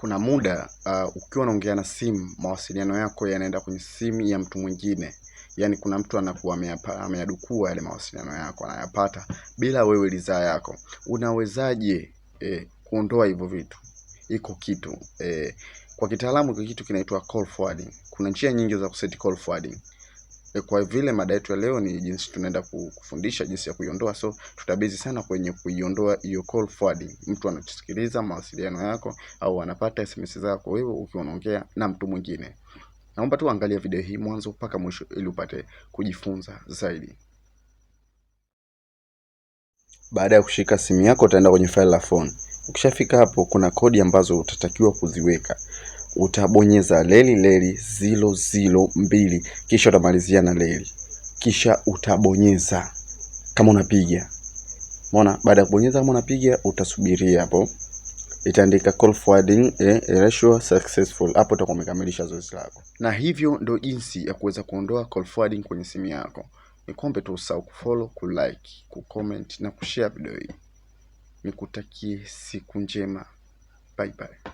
kuna muda uh, ukiwa unaongea na simu mawasiliano yako yanaenda kwenye simu ya mtu mwingine yaani kuna mtu anakuwa ameyadukua yale mawasiliano yako anayapata bila wewe ridhaa yako unawezaje eh, kuondoa hivyo vitu iko kitu eh, kwa kitaalamu kitu kinaitwa call forwarding kuna njia nyingi za kuseti call forwarding E, kwa vile mada yetu ya leo ni jinsi tunaenda kufundisha jinsi ya kuiondoa, so tutabizi sana kwenye kuiondoa hiyo call forwarding. Mtu anatusikiliza mawasiliano yako au anapata SMS zako wewe ukiwa unaongea na mtu mwingine. Naomba tu angalia video hii mwanzo mpaka mwisho ili upate kujifunza zaidi. Baada ya kushika simu yako utaenda kwenye file la phone. Ukishafika hapo kuna kodi ambazo utatakiwa kuziweka utabonyeza leli leli zilo zilo mbili, kisha utamalizia na leli, kisha utabonyeza kama unapiga Mona, baada ya kubonyeza kama unapiga, utasubiria hapo, itaandika call forwarding eh, ratio successful. Hapo utakuwa umekamilisha zoezi lako, na hivyo ndio jinsi ya kuweza kuondoa call forwarding kwenye simu yako. Nikombe tu usahau kufollow, kulike, kucomment na kushare video hii. Nikutakie siku njema, bye bye.